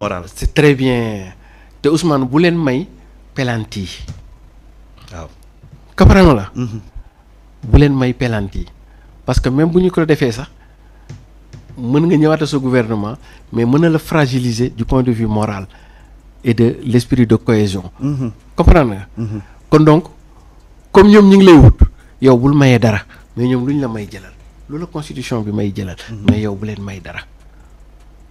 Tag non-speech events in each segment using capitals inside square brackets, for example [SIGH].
moral c'est très bien te Ousmane Boulen may pelanti waaw comprendre la -hmm. Boulen may pelanti parce que même bu ñu ko defee sax mën nga ñëwaat sa gouvernement mais mën na le fragiliser du point de vue moral et de l'esprit de cohésion mhm. comprendre nga mhm. kon donc comme ñoom ñu ngi lay wut yow bul mayee dara mais ñoom lu la may jëlal loolu la constitution bi may jëlal mhm. mais yow bu leen may dara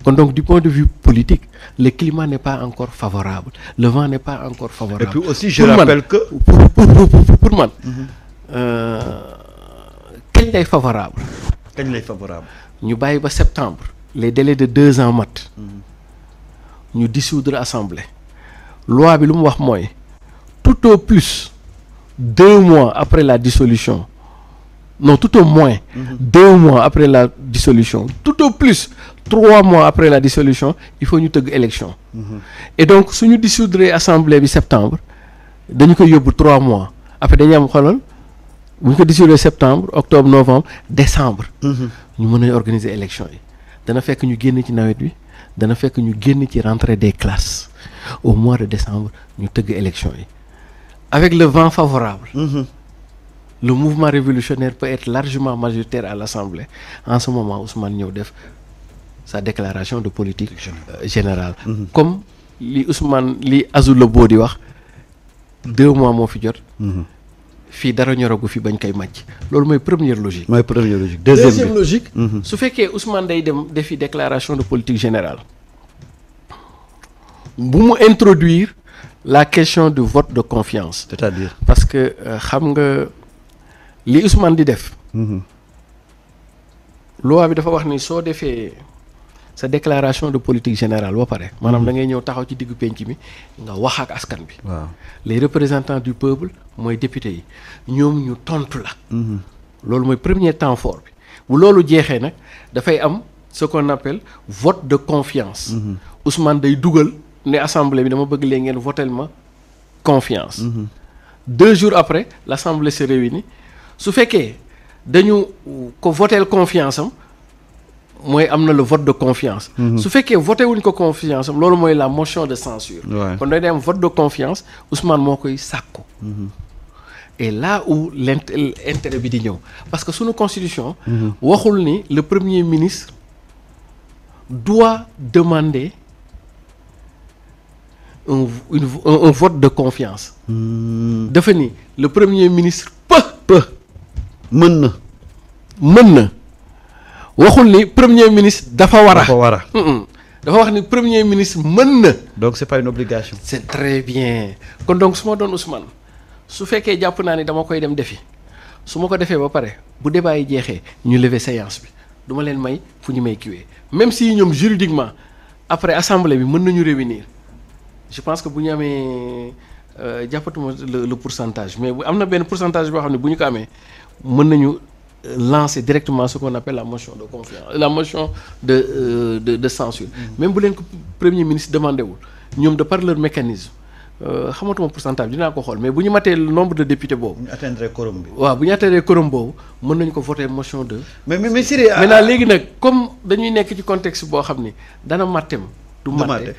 donc, du point de vue politique, le climat n'est pas encore favorable, le vent n'est pas encore favorable. Et puis aussi, je rappelle que. Pour, pour, pour, moi, quel est favorable Quel est favorable Nous baillons septembre, les délais de deux ans mat. Nous mhm. dissoudre l'Assemblée. Loi, tout au plus, deux mois après la dissolution, non tout au moins deux mois après la dissolution tout au plus trois mois après la dissolution il faut une élection et donc si nous dissoudrions l'Assemblée en septembre nous ko pour trois mois après nous am xoolal bu septembre octobre novembre décembre nous avons organisé organiser élection yi fait que ñu avons ci nawet bi dana fait ñu nous ci rentrée des classes au mois de décembre nous tëgg élection avec le vent favorable mm-hmm le mouvement révolutionnaire peut être largement majoritaire à l'Assemblée en ce moment Ousmane a sa déclaration de politique générale mm -hmm. comme li Ousmane li di wax deux mois à fi jot mm-hmm. fii dara ñoragu fi bañ la màcc loolu première logique La première logique deuxième, deuxième logique fait que mm-hmm. Ousmane a fait defi déclaration de politique générale Pour introduire la question du vote de confiance c'est-à-dire parce que euh, xam li Ousmane di def. Mhm. loi bi dafa wax ni so defé sa déclaration de politique générale wa paré manam mhm. da ngay ñew taxaw ci diggu penc bi nga wax ak askan bi. waaw les représentants du peuple moy député yi ñom ñu tontu la. Mhm. loolu moy premier temps fort bi bu loolu nak da fay am ce qu'on appelle vote de confiance. Ousmane day duggal ne assemblée bi dama bëgg lé ngeen votel ma confiance. -hmm. deux jours après l'assemblée se réunit su fekkee dañu ko voter confiance am le vote de confiance. Mhm. su fekkee voté wuñ ko confiance am la motion de censure kon avoir un vote de confiance Ousmane moo koy mhm. et là où l'intérêt est. parce que sous constitution. Mhm. waxul le premier ministre doit demander un vote de confiance. dafa le premier ministre peut peut mën na. waxul ni premier ministre dafa wara. a. dafa wax ni premier ministre mën donc c'est pas une obligation. c'est très bien kon donc suma ma Ousmane su fekkee japp naa ni dama koy dem defi Suma ko defee ba paré bu débat yi jeexee ñu lever séance bi Duma len may fu ñu may même si ñom juridiquement après assemblée bi mën nañu réunir je pense que bu n'avez amee euh, le pourcentage mais amna ben pourcentage bo xamné ne bu mën nañu euh, lancer directement ce qu'on appelle la motion de confiance la motion de euh, de de censure mm. même bu leen ko premier ministre demandé wul ñoom de par leur mécanisme euh, xamatuma euh, pourcentage dinaa ko xool mais bu ñu le nombre de députés boobu. bu ñu atteindre quorum bi. waaw bu ñu atteindre quorum boobu nañu ko voter motion de. mais mais mais Siré. maintenant ah, léegi nag comme dañuy nekk ci contexte boo xam ni dana mattem. du matin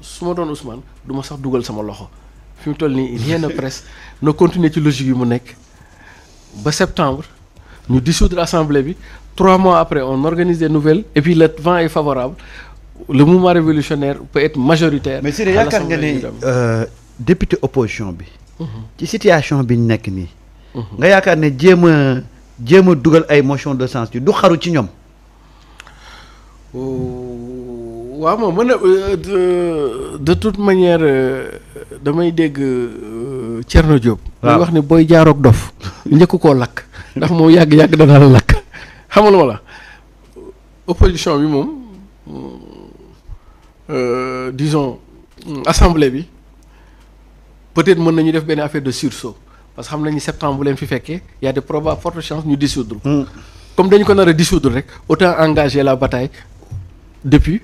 su ma Ousmane du ma sax dugal sama loxo fi mu toll nii rien ne presse [LAUGHS] na continuer ci logique yi mu nekk ba septembre ñu dissoudre l'assemblée bi trois mois après on organise des nouvelles et puis le vent est favorable le mouvement révolutionnaire peut être majoritaire. mais si de yaakaar nga ne euh, député opposition bi. Mhm. ci situation bi ñu nekk nii. Mhm. nga yaakaar ne jéem a jéem a ay motion de sens du xaru ci ñoom. Euh, waaw moom mën na euh, de toute manière damay Thierno Diop. waaw wax ne booy jaaroog dof njëkk ko lak ndax mo yag yag da na lak xamaluma la opposition bi mom euh disons assemblée bi peut-être mën nañu def benn affaire de sursaut parce que xam nañu septembre bu leen fi il y a de probables forte chance ñu dissoudre. Hmm. comme dañ ko nar a dissoudre rek autant engager la bataille depuis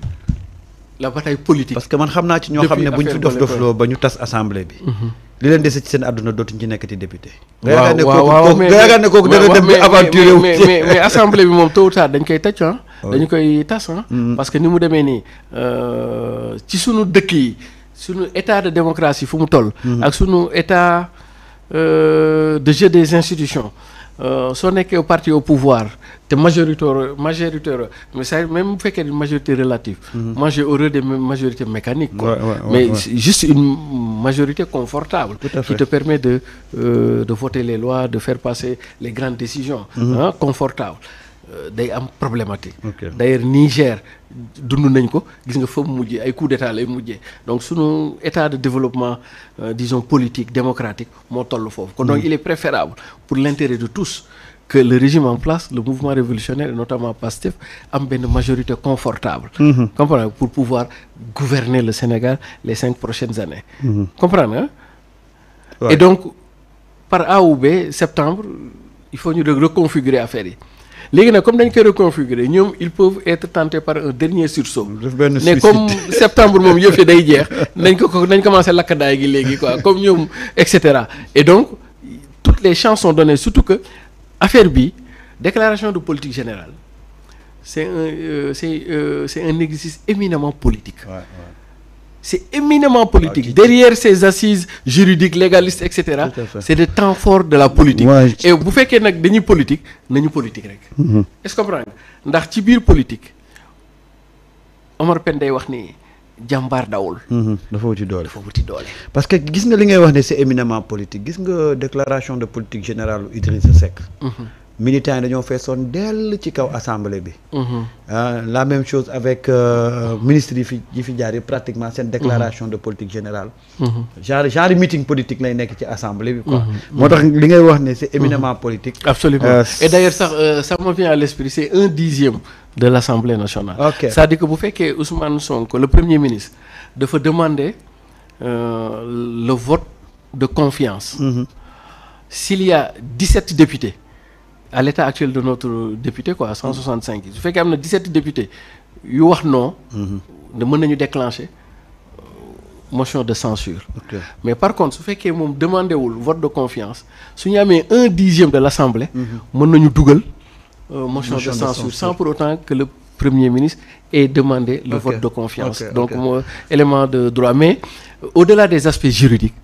la bataille politique. parce que man xam naa ci ñoo xam ne bu ñu fi dof dofloo ba ñu tas assemblée bi. Mm-hmm. li leen dese ci seen àdduna dootuñ ci nekkati député. waaw waaw waaw mais nga yaakaar ne kooku dana dem aventuré wu. mais mais mais assemblée bi moom tôt ou dañ koy tëj oh. dañu koy tas ah. que ni mu demee nii euh, ci sunu dëkk yi sunu état de démocratie fu mu toll. Mm-hmm. ak sunu état. Euh, de jeu des institutions que euh, au parti au pouvoir tu majoritaire majoritaire mais ça même fait qu'une une majorité relative. Mhm. moi j'ai des majorités mécaniques. mais juste une majorité confortable. qui te permet de euh, de voter les lois de faire passer les grandes décisions. Mhm. Hein, confortable euh, day am problématique. d'ailleurs D'ailleurs, Niger dund nañ ko gis nga fa mujjé ay coup d'état donc suñu état de développement euh, disons politique démocratique mo tollu donc mm. il est préférable pour l'intérêt de tous. que le régime en place, le mouvement révolutionnaire, notamment PASTEF, a une majorité confortable mm-hmm. pour pouvoir gouverner le Sénégal les cinq prochaines années. Mm-hmm. comprendre Comprenez Et donc, par A ou B, septembre, il faut nous reconfigurer l'affaire. Les gens, comme dañ koy reconfigurer ñoom ils peuvent être tentés par un dernier sursaut. Mais comme [LAUGHS] septembre ils ont fait des guerres. Ils ko commencer commencé à daay gi quoi comme nous, etc. et donc toutes les chances sont données surtout que affaire bi déclaration de politique générale c'est un euh, euh, un exercice éminemment politique. Ouais, ouais c'est éminemment politique. Ah, Derrière ces assises juridiques, légalistes, etc., c'est le temps fort de la politique. Et vous faites que nous politique, nous politique. Mm Est-ce que vous comprenez Dans la politique, Omar Pendey dit jambar dawul. Mhm. dafa faut que vous wuti doole. parce que gis nga li ngay c'est éminemment politique que la déclaration de politique générale Idrissa Seck. Mhm militants ont ont son son ci kaw assemblée mhm. ah, la même chose avec euh, ministre yi fi fait fi déclaration de politique générale. Mhm. genre genre meeting politique lay nek ci assemblée bi quoi. Mhm. c'est éminemment politique. absolument euh, et d'ailleurs euh, ça me vient à l'esprit c'est un dixième de l'Assemblée nationale. Ça cest dire que faites que Ousmane Sonko le premier ministre doit demander le vote de confiance. s'il y a 17 députés à l'état actuel de notre député quoi 165 fait qu'il y 17 députés you wax non. de ont déclenché déclencher euh, motion de censure mais par contre ce fait qu'ils ont demandé le vote de confiance su ñu a un dixième de l'assemblée mhm. mën google euh, motion de censure sans pour autant que le premier ministre ait demandé le vote de confiance donc élément de droit mais euh, au-delà des aspects juridiques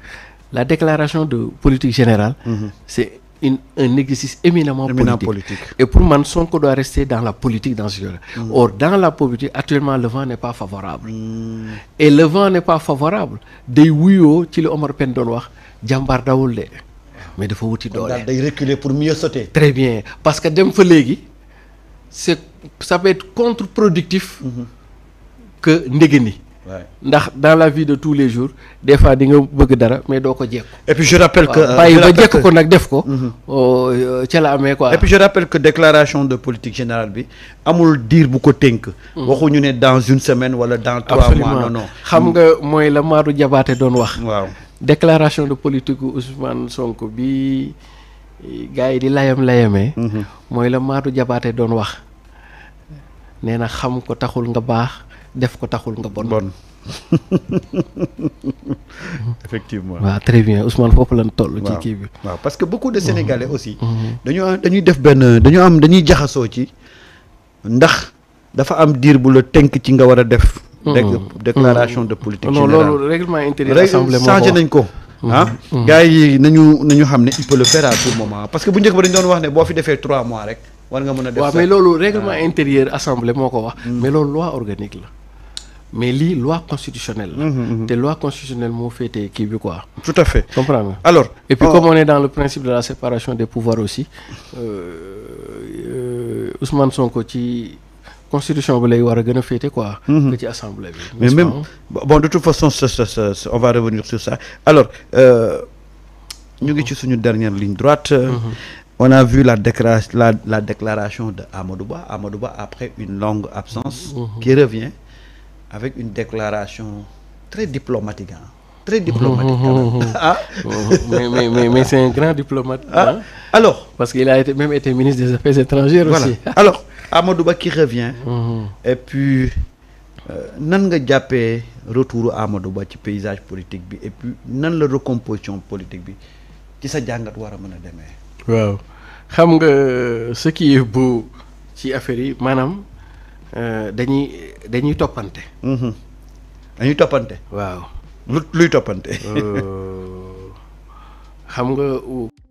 la déclaration de politique générale mhm. c'est une, un exercice éminemment, politique. Et pour manson qu'on doit rester dans la politique dans ce mmh. Or, dans la politique, actuellement, le vent n'est pas favorable. Mm. Et le vent n'est pas favorable. Des wuyo, tu le Omar Pendoloir, Djambar Daoulé. Mais il faut outil reculer pour mieux sauter. Très bien. Parce que d'un ça peut être contre-productif mm-hmm. que Ndegeni ndax dans la vie de tous les jours des fois di nga bëgg dara mais doo ko et puis je rappelle que euh, bàyyi ba jekk ko nak def ko. Mhm. Oh, ci la amé quoi. et puis je rappelle que déclaration de politique générale bi amul dire bu ko mhm. waxu ñu né dans une semaine wala dans trois mois. non non xam nga moy la maru jabaté doon wax. waaw déclaration de politique Ousmane Sonko bi gaay di layam layamee. moy mhm. la maru jabaté doon wax nee na xam ko taxul nga baax def ko taxul nga bon bon [LAUGHS] effectivement wa très bien Ousmane foofu lañ toll ci ki bi wa parce que beaucoup de Sénégalais mhm. aussi dañu dañuy def ben dañu am dañuy jaxaso ci ndax dafa am dir bu le tenk ci nga wara def mhm. Mhm. déclaration de politique générale non loolu règlement intérieur assemblée moo changé nañ ko ah gaay yi nañu nañu xamné ne il peut le faire à tout moment parce que bu ñëk ba dañ doon wax né bo fi défé 3 mois rek war nga mëna def wa mais lolu ah. règlement intérieur assemblée moo ko wax mm. mais lolu loi organique la mais loi constitutionnelle des lois constitutionnelles constitutionnelle qui quoi. tout à fait comprendre alors. et puis oh. comme on est dans le principe de la séparation des pouvoirs aussi euh, euh, Ousmane Sonko ci constitution vous quoi. Mhm. que ci assemblée mais bon de toute façon on va revenir sur ça alors nous euh, ngi sur une dernière ligne droite. Mhm. On a vu la, déclaration, la, déclaration de Amadouba. après une longue absence, mhm. qui revient avec une déclaration très diplomatique. Hein. Très diplomatique. [LAUGHS] Ah. mais, mais, mais, c'est un grand diplomate. Ah. Hein? Alors Parce qu'il a été, même été ministre des Affaires étrangères aussi. [LAUGHS] Alors, Amadouba qui revient, mhm. et puis, euh, nan nga jàppee retour Amadouba ci paysage politique bi, et puis nan la recomposition politique bi ci sa jàngat Wow, a euh, ce qui est beau c'est affaire yi Euh, dañuy dañuy toppante. Mm-hmm. dañuy toppante. waaw lu luy toppante. Euh, [LAUGHS] xam nga.